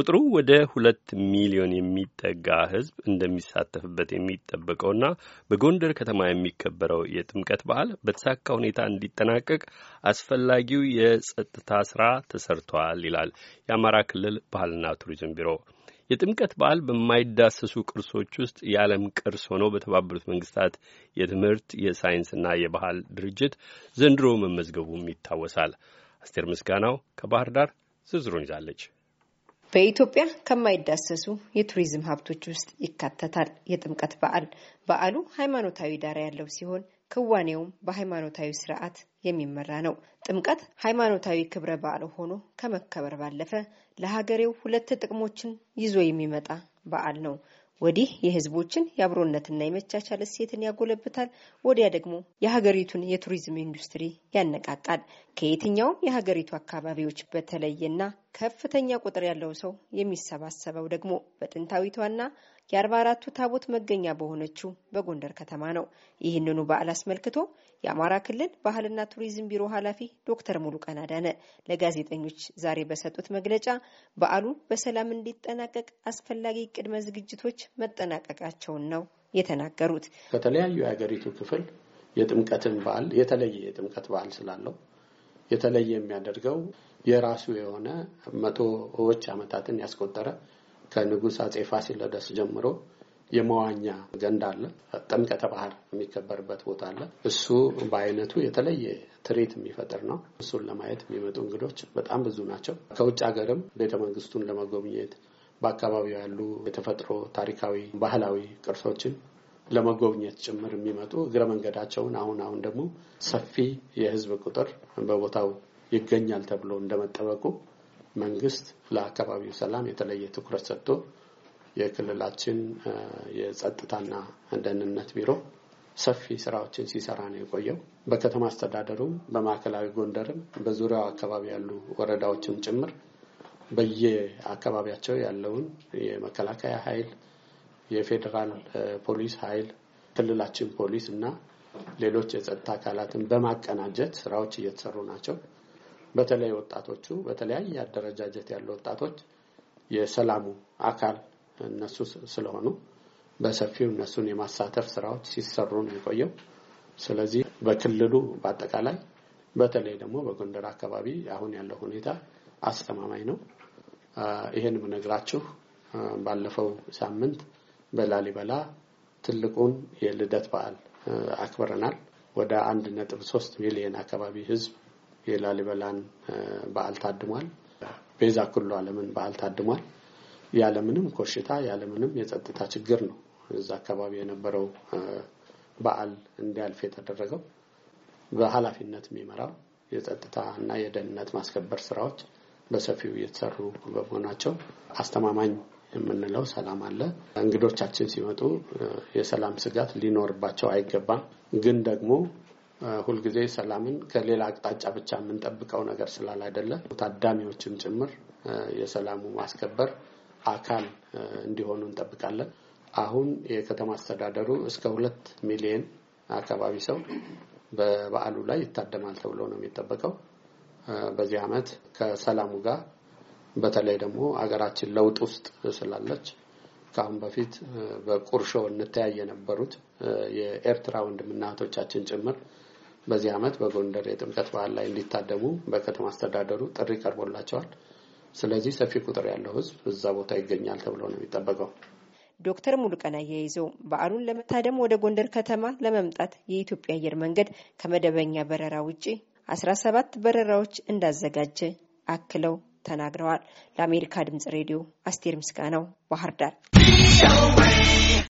ቁጥሩ ወደ ሁለት ሚሊዮን የሚጠጋ ሕዝብ እንደሚሳተፍበት የሚጠበቀውና በጎንደር ከተማ የሚከበረው የጥምቀት በዓል በተሳካ ሁኔታ እንዲጠናቀቅ አስፈላጊው የጸጥታ ስራ ተሰርቷል ይላል የአማራ ክልል ባህልና ቱሪዝም ቢሮ። የጥምቀት በዓል በማይዳሰሱ ቅርሶች ውስጥ የዓለም ቅርስ ሆኖ በተባበሩት መንግስታት የትምህርት የሳይንስና የባህል ድርጅት ዘንድሮ መመዝገቡም ይታወሳል። አስቴር ምስጋናው ከባህር ዳር ዝርዝሩን ይዛለች። በኢትዮጵያ ከማይዳሰሱ የቱሪዝም ሀብቶች ውስጥ ይካተታል የጥምቀት በዓል። በዓሉ ሃይማኖታዊ ዳራ ያለው ሲሆን ክዋኔውም በሃይማኖታዊ ስርዓት የሚመራ ነው። ጥምቀት ሃይማኖታዊ ክብረ በዓል ሆኖ ከመከበር ባለፈ ለሀገሬው ሁለት ጥቅሞችን ይዞ የሚመጣ በዓል ነው። ወዲህ የህዝቦችን የአብሮነትና የመቻቻል እሴትን ያጎለብታል፣ ወዲያ ደግሞ የሀገሪቱን የቱሪዝም ኢንዱስትሪ ያነቃቃል። ከየትኛውም የሀገሪቱ አካባቢዎች በተለየና ከፍተኛ ቁጥር ያለው ሰው የሚሰባሰበው ደግሞ በጥንታዊቷና የአርባ ቱ ታቦት መገኛ በሆነችው በጎንደር ከተማ ነው። ይህንኑ በዓል አስመልክቶ የአማራ ክልል ባህልና ቱሪዝም ቢሮ ኃላፊ ዶክተር ሙሉቀን አዳነ ለጋዜጠኞች ዛሬ በሰጡት መግለጫ በዓሉ በሰላም እንዲጠናቀቅ አስፈላጊ ቅድመ ዝግጅቶች መጠናቀቃቸውን ነው የተናገሩት። ከተለያዩ የሀገሪቱ ክፍል የጥምቀትን በዓል የተለየ የጥምቀት በዓል ስላለው የተለየ የሚያደርገው የራሱ የሆነ መቶዎች ዓመታትን ያስቆጠረ ከንጉሥ አጼ ፋሲለደስ ጀምሮ የመዋኛ ገንዳ አለ። ጥምቀተ ባህር የሚከበርበት ቦታ አለ። እሱ በአይነቱ የተለየ ትርኢት የሚፈጥር ነው። እሱን ለማየት የሚመጡ እንግዶች በጣም ብዙ ናቸው። ከውጭ ሀገርም ቤተ መንግስቱን ለመጎብኘት በአካባቢው ያሉ የተፈጥሮ ታሪካዊ፣ ባህላዊ ቅርሶችን ለመጎብኘት ጭምር የሚመጡ እግረ መንገዳቸውን አሁን አሁን ደግሞ ሰፊ የህዝብ ቁጥር በቦታው ይገኛል ተብሎ እንደመጠበቁ መንግስት ለአካባቢው ሰላም የተለየ ትኩረት ሰጥቶ የክልላችን የጸጥታና ደህንነት ቢሮ ሰፊ ስራዎችን ሲሰራ ነው የቆየው። በከተማ አስተዳደሩም በማዕከላዊ ጎንደርም በዙሪያው አካባቢ ያሉ ወረዳዎችም ጭምር በየአካባቢያቸው ያለውን የመከላከያ ኃይል የፌዴራል ፖሊስ ኃይል ክልላችን ፖሊስ እና ሌሎች የጸጥታ አካላትን በማቀናጀት ስራዎች እየተሰሩ ናቸው። በተለይ ወጣቶቹ በተለያየ አደረጃጀት ያሉ ወጣቶች የሰላሙ አካል እነሱ ስለሆኑ በሰፊው እነሱን የማሳተፍ ስራዎች ሲሰሩ ነው የቆየው። ስለዚህ በክልሉ በአጠቃላይ በተለይ ደግሞ በጎንደር አካባቢ አሁን ያለው ሁኔታ አስተማማኝ ነው። ይህን ምነግራችሁ ባለፈው ሳምንት በላሊበላ ትልቁን የልደት በዓል አክብረናል። ወደ አንድ ነጥብ ሶስት ሚሊዮን አካባቢ ህዝብ የላሊበላን በዓል ታድሟል። ቤዛ ኩሉ ዓለምን በዓል ታድሟል። ያለምንም ኮሽታ ያለምንም የጸጥታ ችግር ነው እዛ አካባቢ የነበረው በዓል እንዲያልፍ የተደረገው። በኃላፊነት የሚመራው የጸጥታ እና የደህንነት ማስከበር ስራዎች በሰፊው እየተሰሩ በመሆናቸው አስተማማኝ የምንለው ሰላም አለ። እንግዶቻችን ሲመጡ የሰላም ስጋት ሊኖርባቸው አይገባም። ግን ደግሞ ሁልጊዜ ሰላምን ከሌላ አቅጣጫ ብቻ የምንጠብቀው ነገር አይደለ ታዳሚዎችም ጭምር የሰላሙ ማስከበር አካል እንዲሆኑ እንጠብቃለን። አሁን የከተማ አስተዳደሩ እስከ ሁለት ሚሊየን አካባቢ ሰው በበዓሉ ላይ ይታደማል ተብሎ ነው የሚጠበቀው። በዚህ ዓመት ከሰላሙ ጋር በተለይ ደግሞ አገራችን ለውጥ ውስጥ ስላለች ከአሁን በፊት በቁርሾ እንተያይ የነበሩት የኤርትራ ወንድምና ጭምር በዚህ ዓመት በጎንደር የጥምቀት በዓል ላይ እንዲታደሙ በከተማ አስተዳደሩ ጥሪ ቀርቦላቸዋል። ስለዚህ ሰፊ ቁጥር ያለው ሕዝብ እዛ ቦታ ይገኛል ተብሎ ነው የሚጠበቀው። ዶክተር ሙሉቀን አያይዘው በዓሉን ለመታደም ወደ ጎንደር ከተማ ለመምጣት የኢትዮጵያ አየር መንገድ ከመደበኛ በረራ ውጪ አስራ ሰባት በረራዎች እንዳዘጋጀ አክለው ተናግረዋል። ለአሜሪካ ድምጽ ሬዲዮ አስቴር ምስጋናው ባህር ዳር